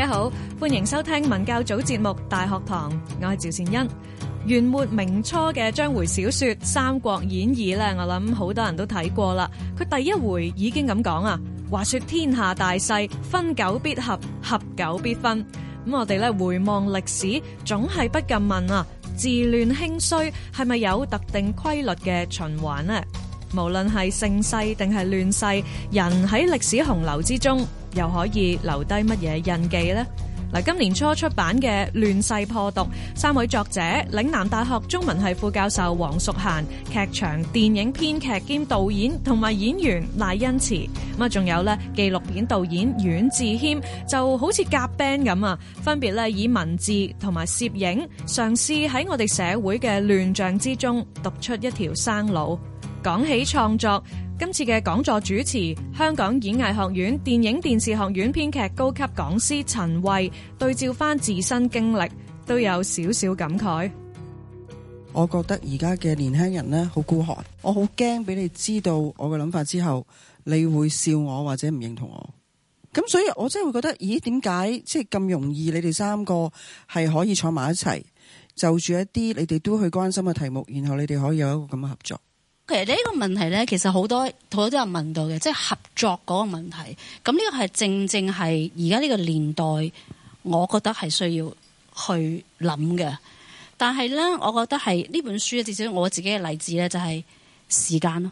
大家好，歡迎收聽文教組節目《大學堂》，我係趙善恩。元末明初嘅章回小說《三國演義》啦，我諗好多人都睇過啦。佢第一回已經咁講啊，話說天下大勢，分久必合，合久必分。咁我哋咧回望歷史，總係不禁問啊：自亂興衰係咪有特定規律嘅循環呢？無論係盛世定係亂世，人喺歷史洪流之中，又可以留低乜嘢印記呢？嗱，今年初出版嘅《亂世破讀》，三位作者：嶺南大學中文系副教授黃淑嫻、劇場電影編劇兼導演同埋演員賴恩慈，咁啊，仲有咧紀錄片導演阮智謙，就好似夾 band 咁啊，分別咧以文字同埋攝影，嘗試喺我哋社會嘅亂象之中，讀出一條生路。講起創作。今次嘅講座主持，香港演藝學院電影電視學院編劇高級講師陳慧，對照翻自身經歷，都有少少感慨。我覺得而家嘅年輕人呢，好孤寒。我好驚俾你知道我嘅諗法之後，你會笑我或者唔認同我。咁所以，我真係會覺得，咦？點解即係咁容易？你哋三個係可以坐埋一齊，就住一啲你哋都去關心嘅題目，然後你哋可以有一個咁嘅合作。其實呢個問題咧，其實好多好多人都有問到嘅，即係合作嗰個問題。咁呢個係正正係而家呢個年代，我覺得係需要去諗嘅。但係咧，我覺得係呢本書至少我自己嘅例子咧，就係時間咯。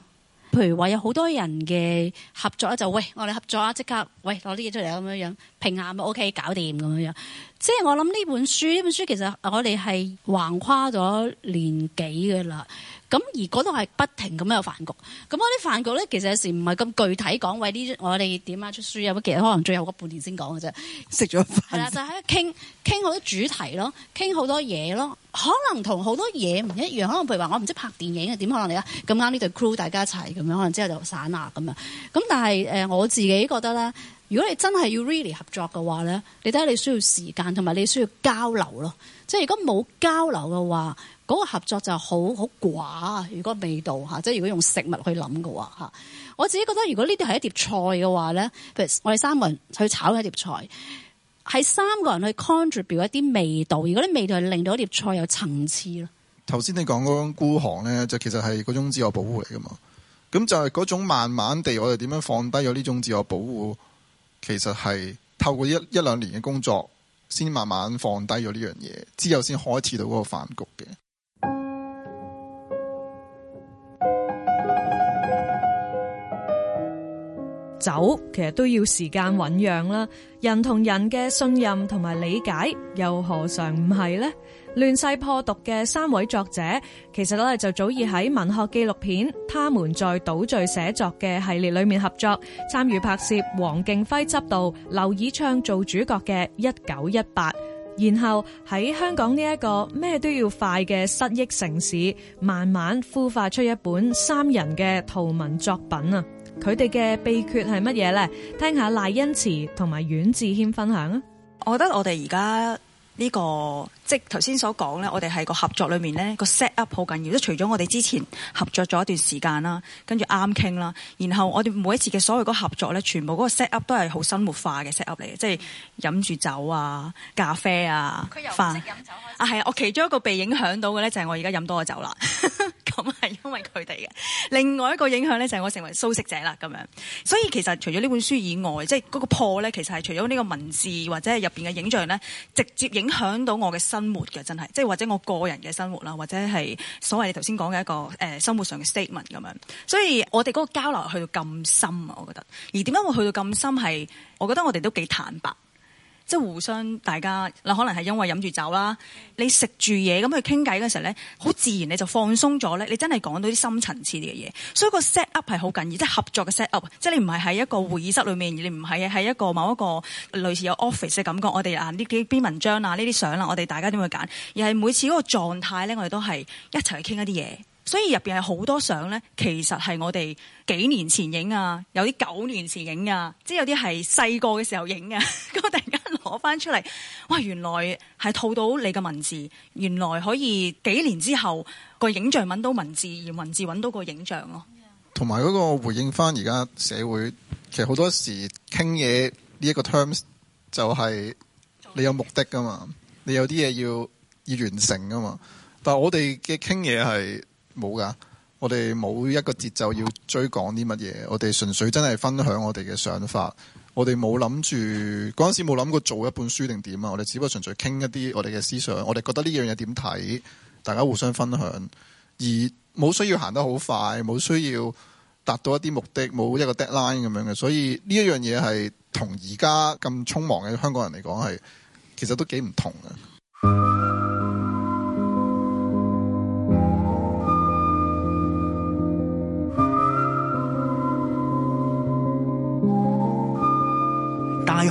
譬如話有好多人嘅合作咧，就喂，我哋合作啊，即刻喂，攞啲嘢出嚟咁樣樣。平啱咪 OK，搞掂咁樣樣。即係我諗呢本書，呢本書其實我哋係橫跨咗年幾噶啦。咁而嗰度係不停咁有飯局。咁我啲飯局咧，其實有時唔係咁具體講，喂呢，我哋點啊出書啊？咁其實可能最後嗰半年先講嘅啫。食咗飯係啦，就喺度傾傾好多主題咯，傾好多嘢咯。可能同好多嘢唔一樣。可能譬如話我唔識拍電影啊，點可能嚟啊？咁啱呢對 crew 大家一齊咁樣，可能之後就散下咁樣咁，但係誒、呃，我自己覺得咧。如果你真係要 really 合作嘅話咧，你睇下你需要時間，同埋你需要交流咯。即係如果冇交流嘅話，嗰個合作就好好寡。如果味道，即係如果用食物去諗嘅話，我自己覺得，如果呢啲係一碟菜嘅話咧，譬如我哋三個人去炒一碟菜，係三個人去 contribute 一啲味道。如果啲味道係令到一碟菜有層次咯。頭先你講嗰種孤寒咧，就其實係嗰種自我保護嚟噶嘛。咁就係嗰種慢慢地，我哋點樣放低咗呢種自我保護。其實係透過一一兩年嘅工作，先慢慢放低咗呢樣嘢，之後先開始到嗰個飯局嘅。酒其實都要時間醞釀啦，人同人嘅信任同埋理解又何嘗唔係呢？亂世破讀嘅三位作者，其實咧就早已喺文學紀錄片《他們在島嶼寫作》嘅系列裏面合作參與拍攝。黃敬輝執導，劉以暢做主角嘅《一九一八》，然後喺香港呢一個咩都要快嘅失憶城市，慢慢孵化出一本三人嘅圖文作品啊！佢哋嘅秘訣係乜嘢呢？聽下賴恩慈同埋阮志謙分享啊！我覺得我哋而家呢個。即係頭先所講咧，我哋喺個合作裏面咧個 set up 好緊要。即除咗我哋之前合作咗一段時間啦，跟住啱傾啦，然後我哋每一次嘅所謂嗰合作咧，全部嗰個 set up 都係好生活化嘅 set up 嚟嘅，即係飲住酒啊、咖啡啊、飲酒飯啊，係啊，我其中一個被影響到嘅咧就係我而家飲多咗酒啦。咁 係因為佢哋嘅。另外一個影響咧就係我成為素食者啦，咁樣。所以其實除咗呢本書以外，即係嗰個破咧，其實係除咗呢個文字或者係入面嘅影像咧，直接影響到我嘅生活嘅真係，即係或者我個人嘅生活啦，或者係所謂你頭先講嘅一個誒、呃、生活上嘅 statement 咁樣，所以我哋個交流去到咁深啊，我覺得。而點解會去到咁深係，我覺得我哋都幾坦白。即係互相大家嗱，可能係因為飲住酒啦，你食住嘢咁去傾偈嘅時候咧，好自然你就放鬆咗咧。你真係講到啲深層次啲嘅嘢，所以個 set up 係好緊要，即係合作嘅 set up。即係你唔係喺一個會議室裏面，你唔係嘅喺一個某一個類似有 office 嘅感覺，我哋啊呢幾篇文章啦、啊，呢啲相啦，我哋大家點去揀？而係每次嗰個狀態咧，我哋都係一齊去傾一啲嘢。所以入邊係好多相咧，其實係我哋幾年前影啊，有啲九年前影啊，即係有啲係細個嘅時候影啊。 攞翻出嚟，哇！原來係套到你嘅文字，原來可以幾年之後個影像揾到文字，而文字揾到個影像咯。同埋嗰個回應翻而家社會，其實好多時傾嘢呢一個 terms 就係你有目的噶嘛，你有啲嘢要要完成噶嘛。但係我哋嘅傾嘢係冇噶，我哋冇一個節奏要追趕啲乜嘢，我哋純粹真係分享我哋嘅想法。我哋冇諗住嗰陣時冇諗過做一本書定點啊！我哋只不過純粹傾一啲我哋嘅思想，我哋覺得呢樣嘢點睇，大家互相分享，而冇需要行得好快，冇需要達到一啲目的，冇一個 deadline 咁樣嘅，所以呢一樣嘢係同而家咁匆忙嘅香港人嚟講係其實都幾唔同嘅。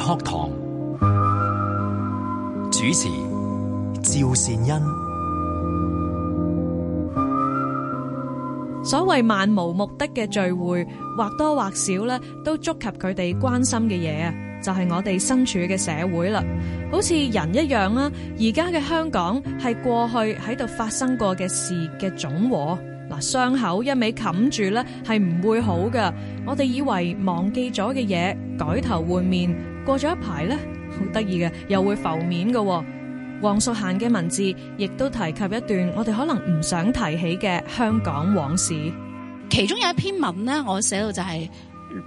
課堂主持趙善恩。所謂漫無目的嘅聚會，或多或少咧都觸及佢哋關心嘅嘢啊！就係我哋身處嘅社會啦，好似人一樣啦。而家嘅香港係過去喺度發生過嘅事嘅總和。嗱，傷口一味冚住咧，係唔會好噶。我哋以為忘記咗嘅嘢，改頭換面。過咗一排咧，好得意嘅，又會浮面嘅。黃淑嫻嘅文字亦都提及一段我哋可能唔想提起嘅香港往事。其中有一篇文咧，我寫到就係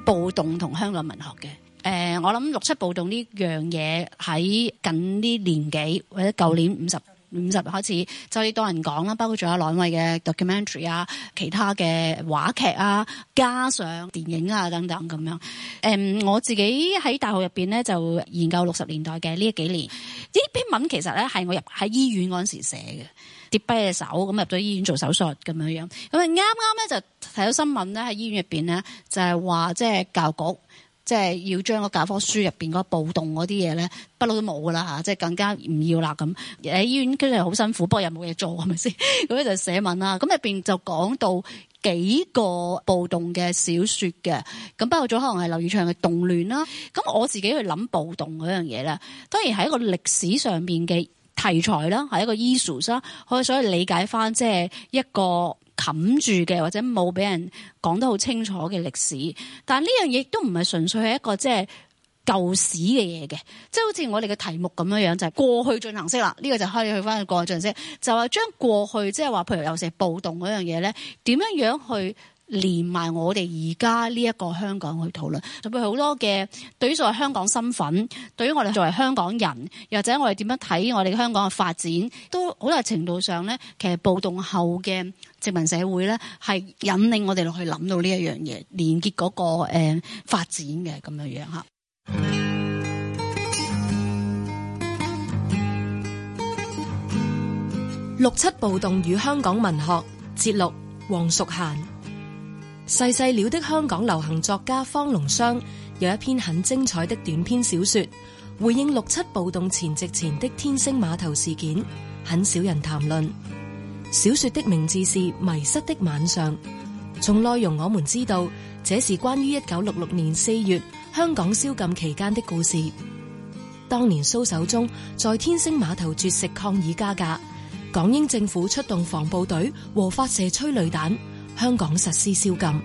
暴動同香港文學嘅。誒、呃，我諗六七暴動呢樣嘢，喺近呢年紀或者舊年五十。五十開始，就要多人講啦，包括仲有兩位嘅 documentary 啊，其他嘅話劇啊，加上電影啊等等咁樣。誒、um，我自己喺大學入邊咧就研究六十年代嘅呢幾年。呢篇文其實咧係我入喺醫院嗰陣時寫嘅，跌跛嘅手咁入咗醫院做手術咁樣樣。咁啊啱啱咧就睇到新聞咧喺醫院入邊咧就係話即係教育局。即係要將嗰教科書入邊嗰暴動嗰啲嘢咧，不嬲都冇噶啦嚇，即係更加唔要啦咁。喺醫院跟住好辛苦，不過又冇嘢做，係咪先？咁 咧就寫文啦。咁入邊就講到幾個暴動嘅小説嘅，咁包括咗可能係劉以鬯嘅《動亂》啦。咁我自己去諗暴動嗰樣嘢咧，當然係一個歷史上邊嘅題材啦，係一個 issues 啦，可以想去理解翻即係一個。冚住嘅或者冇俾人講得好清楚嘅歷史，但呢樣嘢都唔係純粹係一個即係舊史嘅嘢嘅，即係好似我哋嘅題目咁樣樣就係、係、過去進行式啦。呢、呢個就開始去翻去過去進行式，就話將過去即係話譬如有時暴動嗰樣嘢咧，點樣樣去？連埋我哋而家呢一個香港去討論，特別好多嘅對於作為香港身份，對於我哋作為香港人，又或者我哋點樣睇我哋香港嘅發展，都好大程度上咧，其實暴動後嘅殖民社會咧，係引領我哋落去諗到呢一樣嘢，連結嗰個誒發展嘅咁樣樣嚇。六七暴動與香港文學節錄，黃淑嫻。逝世了的香港流行作家方龍驤有一篇很精彩的短篇小說，回應六七暴動前夕前的天星碼頭事件，很少人談論。小說的名字是《迷失的晚上》。從內容我們知道，這是關於一九六六年四月香港宵禁期間的故事。當年蘇守忠在天星碼頭絕食抗議加價，港英政府出動防暴隊和發射催淚彈。香港實施宵禁。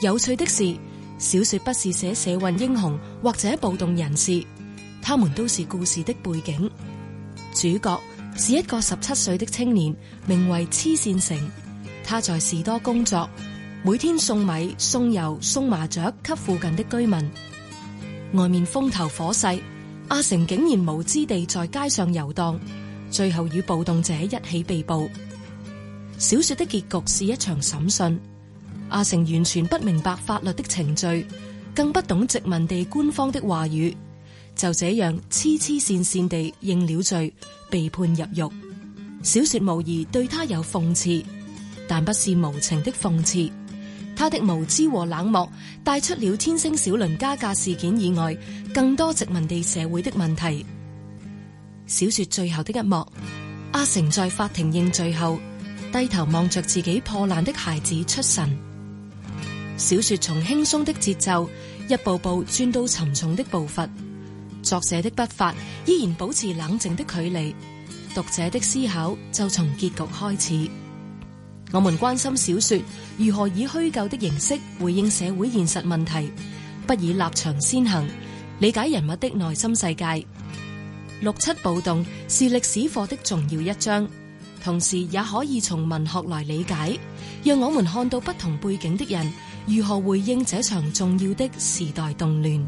有趣的是，小說不是寫社運英雄或者暴動人士，他們都是故事的背景。主角是一個十七歲的青年，名為黐線成。他在士多工作，每天送米、送油、送麻雀給附近的居民。外面風頭火勢，阿成竟然無知地在街上遊蕩，最後與暴動者一起被捕。小說的結局是一場審訊，阿成完全不明白法律的程序，更不懂殖民地官方的話語，就這樣黐黐線線地認了罪，被判入獄。小說無疑對他有諷刺，但不是無情的諷刺。他的無知和冷漠帶出了天星小輪加價事件以外，更多殖民地社會的問題。小說最後的一幕，阿成在法庭認罪後，低頭望住自己破爛的孩子出神。小說從輕鬆的節奏，一步步轉到沉重的步伐。作者的筆法依然保持冷靜的距離，讀者的思考就從結局開始。我們關心小說如何以虛構的形式回應社會現實問題，不以立場先行，理解人物的內心世界。六七暴動是歷史課的重要一章。同時也可以從文學來理解，讓我們看到不同背景的人如何回應這場重要的時代動亂。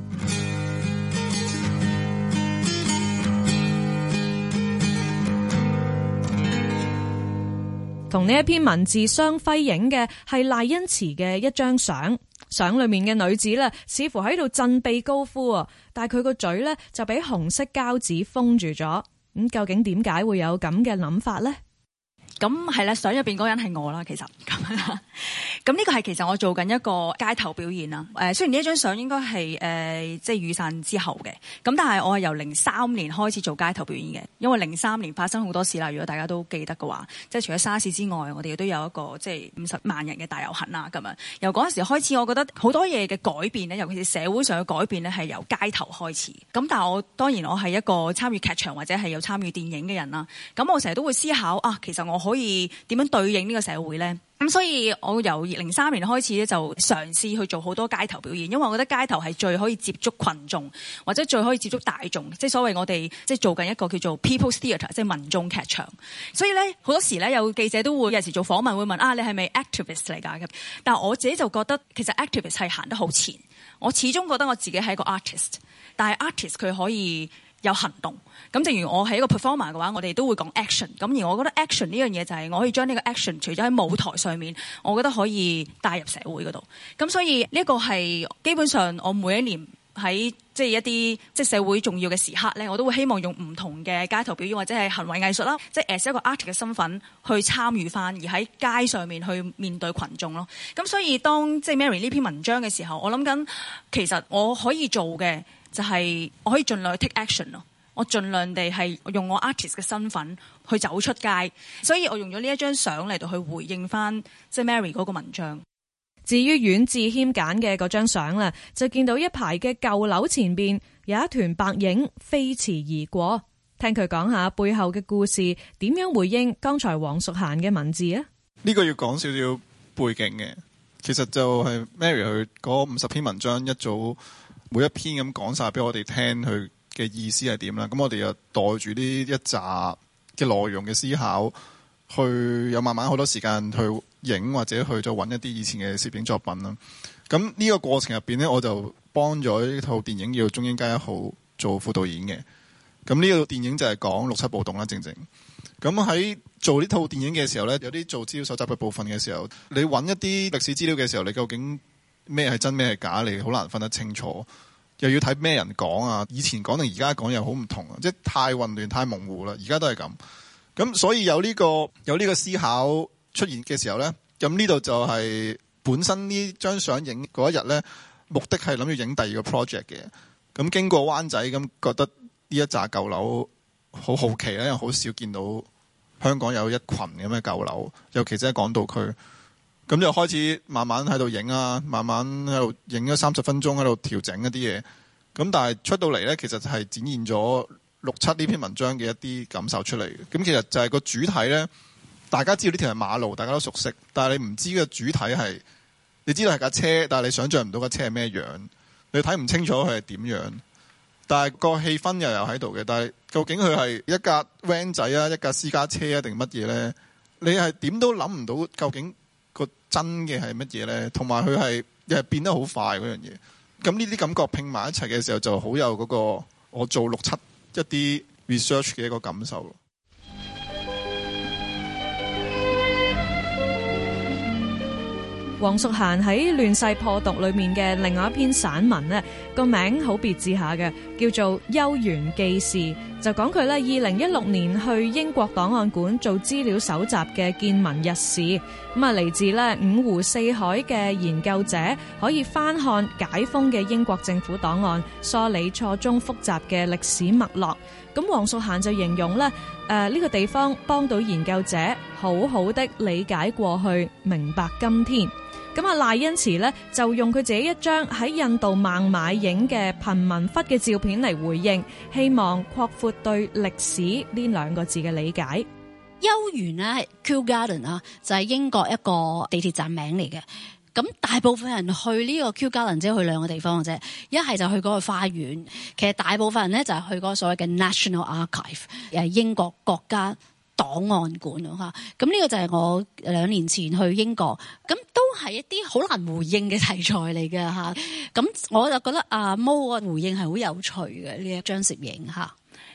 同呢一篇文字相輝映嘅係賴恩慈嘅一張相，相裏面嘅女子呢，似乎喺度振臂高呼啊，但佢個嘴呢，就俾紅色膠紙封住咗。咁究竟點解會有咁嘅諗法呢？咁係啦，相入邊嗰人係我啦，其實咁啦。咁呢個係其實我做緊一個街頭表演啦。誒、呃，雖然呢張相應該係誒即係雨傘之後嘅，咁但係我係由零三年開始做街頭表演嘅，因為零三年發生好多事啦。如果大家都記得嘅話，即係除咗沙士之外，我哋亦都有一個即係五十萬人嘅大遊行啦。咁啊，由嗰陣時開始，我覺得好多嘢嘅改變咧，尤其是社會上嘅改變咧，係由街頭開始。咁但係我當然我係一個參與劇場或者係有參與電影嘅人啦。咁我成日都會思考啊，其實我可以點樣對應呢個社會呢？咁、嗯、所以我由二零三年開始咧，就嘗試去做好多街頭表演，因為我覺得街頭係最可以接觸群眾，或者最可以接觸大眾，即係所謂我哋即係做緊一個叫做 people theatre，即係民眾劇場。所以咧，好多時咧，有記者都會有時做訪問，會問啊，你係咪 activist 嚟㗎？咁但係我自己就覺得，其實 activist 係行得好前。我始終覺得我自己係一個 artist，但係 artist 佢可以。有行動，咁正如我係一個 performer 嘅話，我哋都會講 action。咁而我覺得 action 呢樣嘢就係我可以將呢個 action 除咗喺舞台上面，我覺得可以帶入社會嗰度。咁所以呢個係基本上我每一年。喺即係一啲即係社會重要嘅時刻咧，我都會希望用唔同嘅街頭表演或者係行為藝術啦，即係 as 一個 artist 嘅身份去參與翻，而喺街上面去面對群眾咯。咁所以當即係 Mary 呢篇文章嘅時候，我諗緊其實我可以做嘅就係、是、我可以盡量去 take action 咯，我盡量地係用我 artist 嘅身份去走出街，所以我用咗呢一張相嚟到去回應翻即係 Mary 嗰個文章。至於阮志謙揀嘅嗰張相啦，就見到一排嘅舊樓前邊有一團白影飛馳而過。聽佢講下背後嘅故事，點樣回應剛才黃淑嫻嘅文字啊？呢個要講少少背景嘅，其實就係 Mary 佢嗰五十篇文章一早每一篇咁講晒俾我哋聽，佢嘅意思係點啦？咁我哋又袋住呢一集嘅內容嘅思考，去有慢慢好多時間去影或者去再揾一啲以前嘅攝影作品啦。咁呢個過程入邊呢，我就幫咗呢套電影叫《中英街一號》做副導演嘅。咁呢套電影就係講六七暴動啦，正正。咁喺做呢套電影嘅時候呢，有啲做資料搜集嘅部分嘅時候，你揾一啲歷史資料嘅時候，你究竟咩係真咩係假，你好難分得清楚。又要睇咩人講啊，以前講定而家講又好唔同啊，即係太混亂、太模糊啦。而家都係咁。咁所以有呢個有呢個思考出現嘅時候呢，咁呢度就係本身呢張相影嗰一日呢，目的係諗住影第二個 project 嘅。咁經過灣仔咁，覺得呢一紮舊樓好好奇咧，因為好少見到香港有一群咁嘅舊樓，尤其喺港島區。咁就開始慢慢喺度影啊，慢慢喺度影咗三十分鐘喺度調整一啲嘢。咁但係出到嚟呢，其實就係展現咗。六七呢篇文章嘅一啲感受出嚟嘅，咁其實就係個主體咧。大家知道呢條係馬路，大家都熟悉，但係你唔知個主體係，你知道係架車，但係你想象唔到架車係咩樣，你睇唔清楚佢係點樣，但係個氣氛又又喺度嘅。但係究竟佢係一架 van 仔啊，一架私家車啊，定乜嘢咧？你係點都諗唔到究竟個真嘅係乜嘢咧？同埋佢係又係變得好快嗰樣嘢。咁呢啲感覺拼埋一齊嘅時候就很、那個，就好有嗰個我做六七。一啲 research 嘅一個感受。黃淑嫻喺《亂世破讀》裏面嘅另外一篇散文咧，呢個名好別緻下嘅，叫做《幽緣記事》。就講佢咧，二零一六年去英國檔案館做資料搜集嘅見聞日誌，咁啊嚟自呢五湖四海嘅研究者可以翻看解封嘅英國政府檔案，梳理錯綜複雜嘅歷史脈絡。咁黃淑嫻就形容呢，誒、呃、呢、呢個地方幫到研究者好好的理解過去，明白今天。咁啊，賴恩慈咧就用佢自己一張喺印度孟買影嘅貧民窟嘅照片嚟回應，希望擴闊對歷史呢兩個字嘅理解。邱園呢，Kew Garden 啊，就係、是、英國一個地鐵站名嚟嘅。咁大部分人去呢個 Kew Garden 只有去兩個地方嘅啫，一係就去嗰個花園，其實大部分人咧就係、是、去嗰個所謂嘅 National Archive，誒，英國國家。檔案館啊嚇，咁呢個就係我兩年前去英國，咁都係一啲好難回應嘅題材嚟嘅嚇，咁我就覺得阿毛個回應係好有趣嘅呢一張攝影嚇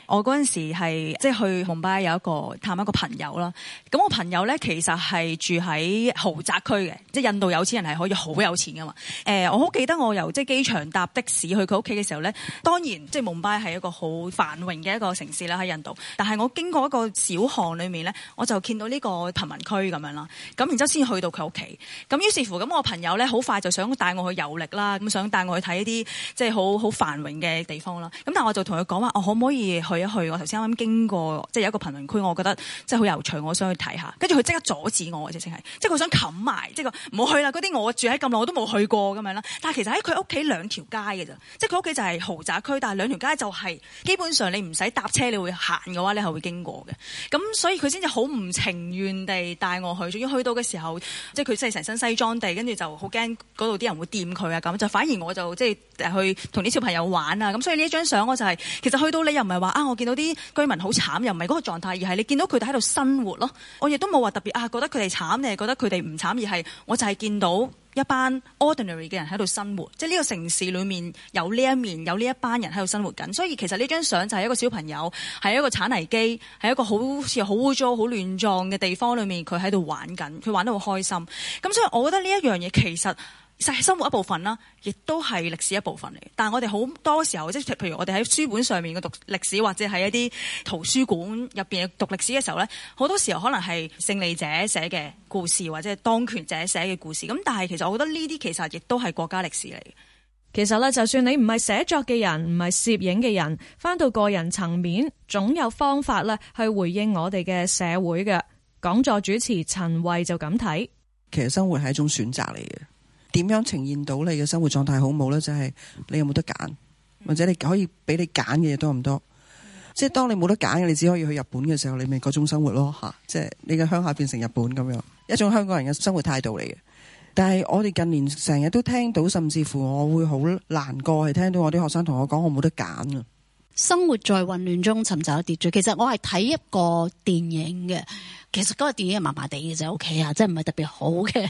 我嗰陣時係即係去孟買，有一個探一個朋友啦。咁我朋友咧其實係住喺豪宅區嘅，即係印度有錢人係可以好有錢噶嘛。誒、呃，我好記得我由即係機場搭的士去佢屋企嘅時候咧，當然即係孟買係一個好繁榮嘅一個城市啦，喺印度。但係我經過一個小巷裡面咧，我就見到呢個貧民區咁樣啦。咁然之後先去到佢屋企。咁於是乎咁，咁我朋友咧好快就想帶我去遊歷啦，咁想帶我去睇一啲即係好好繁榮嘅地方啦。咁但係我就同佢講話，我可唔可以去？去，去我頭先啱啱經過，即係有一個貧民區，我覺得即係好有趣，我想去睇下。跟住佢即刻阻止我，即係即係佢想冚埋，即係唔好去啦。嗰啲我住喺咁耐，我都冇去過咁樣啦。但係其實喺佢屋企兩條街嘅啫，即係佢屋企就係豪宅區，但係兩條街就係、是、基本上你唔使搭車，你會行嘅話你係會經過嘅。咁所以佢先至好唔情願地帶我去。終於去到嘅時候，即係佢真係成身西裝地，跟住就好驚嗰度啲人會掂佢啊咁。就反而我就即係去同啲小朋友玩啊咁。所以呢一張相我就係、是、其實去到你又唔係話啊。我見到啲居民好慘，又唔係嗰個狀態，而係你見到佢哋喺度生活咯。我亦都冇話特別啊，覺得佢哋慘，你係覺得佢哋唔慘，而係我就係見到一班 ordinary 嘅人喺度生活，即係呢個城市裏面有呢一面，有呢一班人喺度生活緊。所以其實呢張相就係一個小朋友喺一個鏟泥機，喺一個好似好污糟、好亂撞嘅地方裏面，佢喺度玩緊，佢玩得好開心。咁所以，我覺得呢一樣嘢其實。生活一部分啦，亦都係歷史一部分嚟。但係我哋好多時候，即係譬如我哋喺書本上面嘅讀歷史，或者係一啲圖書館入邊嘅讀歷史嘅時候咧，好多時候可能係勝利者寫嘅故事，或者係當權者寫嘅故事。咁但係其實我覺得呢啲其實亦都係國家歷史嚟。其實咧，就算你唔係寫作嘅人，唔係攝影嘅人，翻到個人層面，總有方法咧去回應我哋嘅社會嘅。講座主持陳慧就咁睇，其實生活係一種選擇嚟嘅。點樣呈現到你嘅生活狀態好冇呢？就係你有冇得揀，或者你可以俾你揀嘅嘢多唔多？即係當你冇得揀嘅，你只可以去日本嘅時候，你咪嗰種生活咯吓。即係你嘅鄉下變成日本咁樣，一種香港人嘅生活態度嚟嘅。但係我哋近年成日都聽到，甚至乎我會好難過，係聽到我啲學生同我講，我冇得揀啊。生活在混亂中尋找秩序。其實我係睇一個電影嘅，其實嗰個電影係麻麻地嘅就 OK 啊，即係唔係特別好嘅，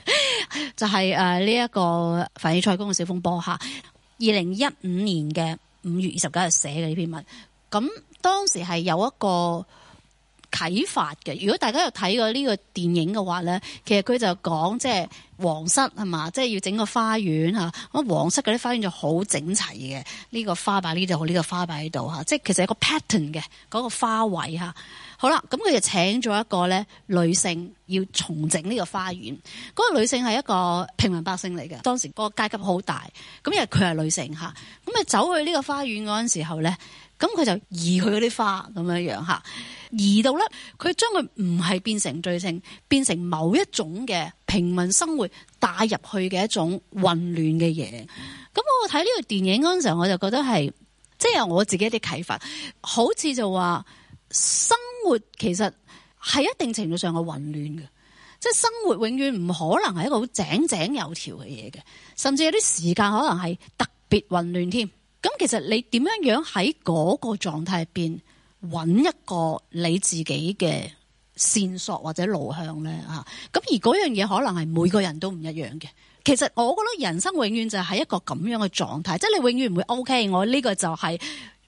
就係誒呢一個凡爾賽宮嘅小風波嚇。二零一五年嘅五月二十九日寫嘅呢篇文，咁當時係有一個啟發嘅，如果大家有睇過呢個電影嘅話咧，其實佢就講即係皇室係嘛，即係要整個花園咁、啊、皇室嗰啲花園就好整齊嘅，呢、這個花擺呢度，呢、這個花擺喺度、啊、即係其實一個 pattern 嘅嗰、那個花位、啊、好啦，咁佢就請咗一個咧女性要重整呢個花園。嗰、那個女性係一個平民百姓嚟嘅，當時嗰個階級好大。咁因為佢係女性咁咪、啊、走去呢個花園嗰陣時候咧。咁佢就移去嗰啲花咁樣樣嚇，移到咧佢將佢唔係變成罪證，變成某一種嘅平民生活帶入去嘅一種混亂嘅嘢。咁我睇呢個電影嗰時候，我就覺得係即係我自己一啲啟發，好似就話生活其實係一定程度上嘅混亂嘅，即係生活永遠唔可能係一個好井井有條嘅嘢嘅，甚至有啲時間可能係特別混亂添。咁其實你點樣樣喺嗰個狀態入邊揾一個你自己嘅線索或者路向咧嚇？咁而嗰樣嘢可能係每個人都唔一樣嘅。其實我覺得人生永遠就係一個咁樣嘅狀態，即係你永遠唔會 OK。我呢個就係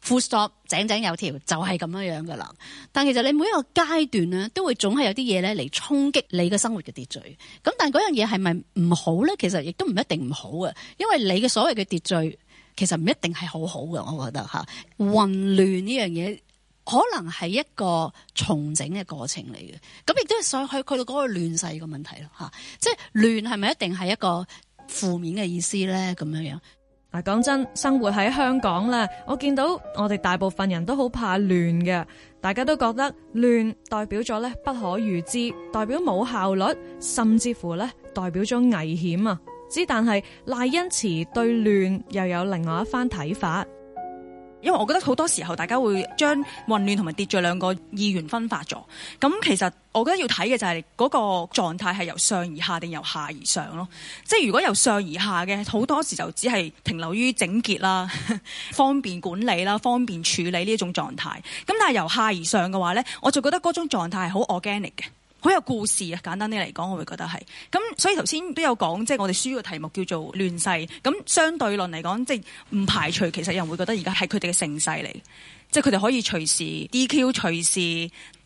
full stop，井井有條，就係咁樣樣噶啦。但其實你每一個階段咧，都會總係有啲嘢咧嚟衝擊你嘅生活嘅秩序。咁但係嗰樣嘢係咪唔好咧？其實亦都唔一定唔好啊，因為你嘅所謂嘅秩序，其實唔一定係好好嘅，我覺得吓混亂呢樣嘢可能係一個重整嘅過程嚟嘅，咁亦都係想去去到嗰個亂世嘅問題咯吓，即係亂係咪一定係一個負面嘅意思咧？咁樣樣嗱，講真，生活喺香港咧，我見到我哋大部分人都好怕亂嘅，大家都覺得亂代表咗咧不可預知，代表冇效率，甚至乎咧代表咗危險啊！但係賴恩慈對亂又有另外一番睇法，因為我覺得好多時候大家會將混亂同埋秩序兩個意願分發咗。咁其實我覺得要睇嘅就係嗰個狀態係由上而下定由下而上咯。即係如果由上而下嘅，好多時就只係停留於整潔啦、方便管理啦、方便處理呢一種狀態。咁但係由下而上嘅話呢，我就覺得嗰種狀態係好 organic 嘅。好有故事啊！簡單啲嚟講，我會覺得係咁，所以頭先都有講，即係我哋書嘅題目叫做亂世。咁相對論嚟講，即係唔排除其實有人會覺得而家係佢哋嘅盛世嚟，即係佢哋可以隨時 DQ、隨時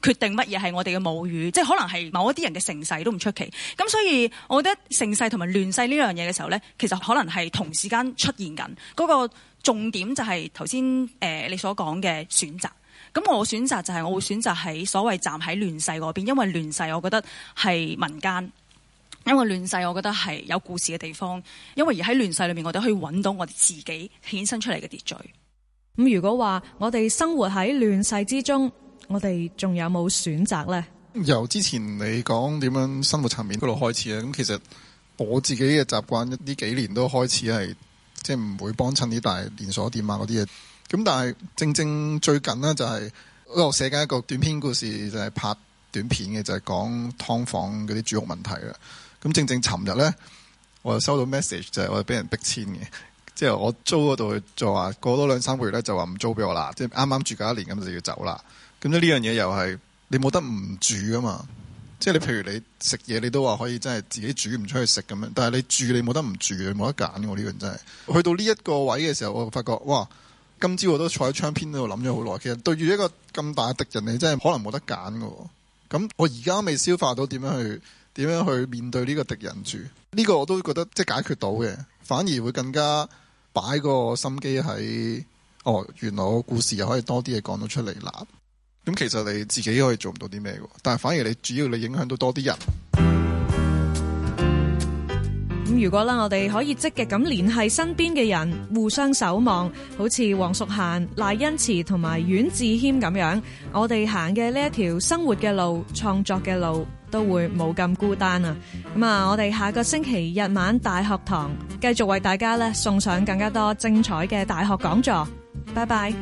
決定乜嘢係我哋嘅母語，即係可能係某一啲人嘅盛世都唔出奇。咁所以，我覺得盛世同埋亂世呢樣嘢嘅時候咧，其實可能係同時間出現緊。嗰個重點就係頭先誒你所講嘅選擇。咁我選擇就係我會選擇喺所謂站喺亂世嗰邊，因為亂世我覺得係民間，因為亂世我覺得係有故事嘅地方，因為而喺亂世裏面，我哋可以揾到我哋自己衍生出嚟嘅秩序。咁如果話我哋生活喺亂世之中，我哋仲有冇選擇呢？由之前你講點樣生活層面嗰度開始呀，咁其實我自己嘅習慣呢幾年都開始係即係唔會幫襯啲大連鎖店啊嗰啲嘢。咁但係正正最近呢、就是，就係我寫緊一個短篇故事，就係、是、拍短片嘅，就係講劏房嗰啲住屋問題啦。咁正正尋日呢，我又收到 message 就係、是、我俾人逼遷嘅，即、就、係、是、我租嗰度就話過多兩三個月呢，就話唔租俾我啦，即係啱啱住夠一年咁就要走啦。咁呢樣樣嘢又係你冇得唔住噶嘛？即、就、係、是、你譬如你食嘢你都話可以真係自己煮唔出去食咁樣，但係你住你冇得唔住，你冇得揀。我呢個人真係去到呢一個位嘅時候，我發覺哇！今朝我都坐喺窗邊度諗咗好耐，其實對住一個咁大嘅敵人，你真係可能冇得揀嘅。咁我而家未消化到點樣去點樣去面對呢個敵人住，呢個我都覺得即係解決到嘅，反而會更加擺個心機喺，哦，原來我故事又可以多啲嘢講到出嚟啦。咁其實你自己可以做唔到啲咩，但係反而你主要你影響到多啲人。咁如果啦，我哋可以積極咁聯繫身邊嘅人，互相守望，好似黃淑嫻、賴恩慈同埋阮智謙咁樣，我哋行嘅呢一條生活嘅路，創作嘅路，都會冇咁孤單啊！咁啊，我哋下個星期日晚大學堂繼續為大家咧送上更加多精彩嘅大學講座，拜拜。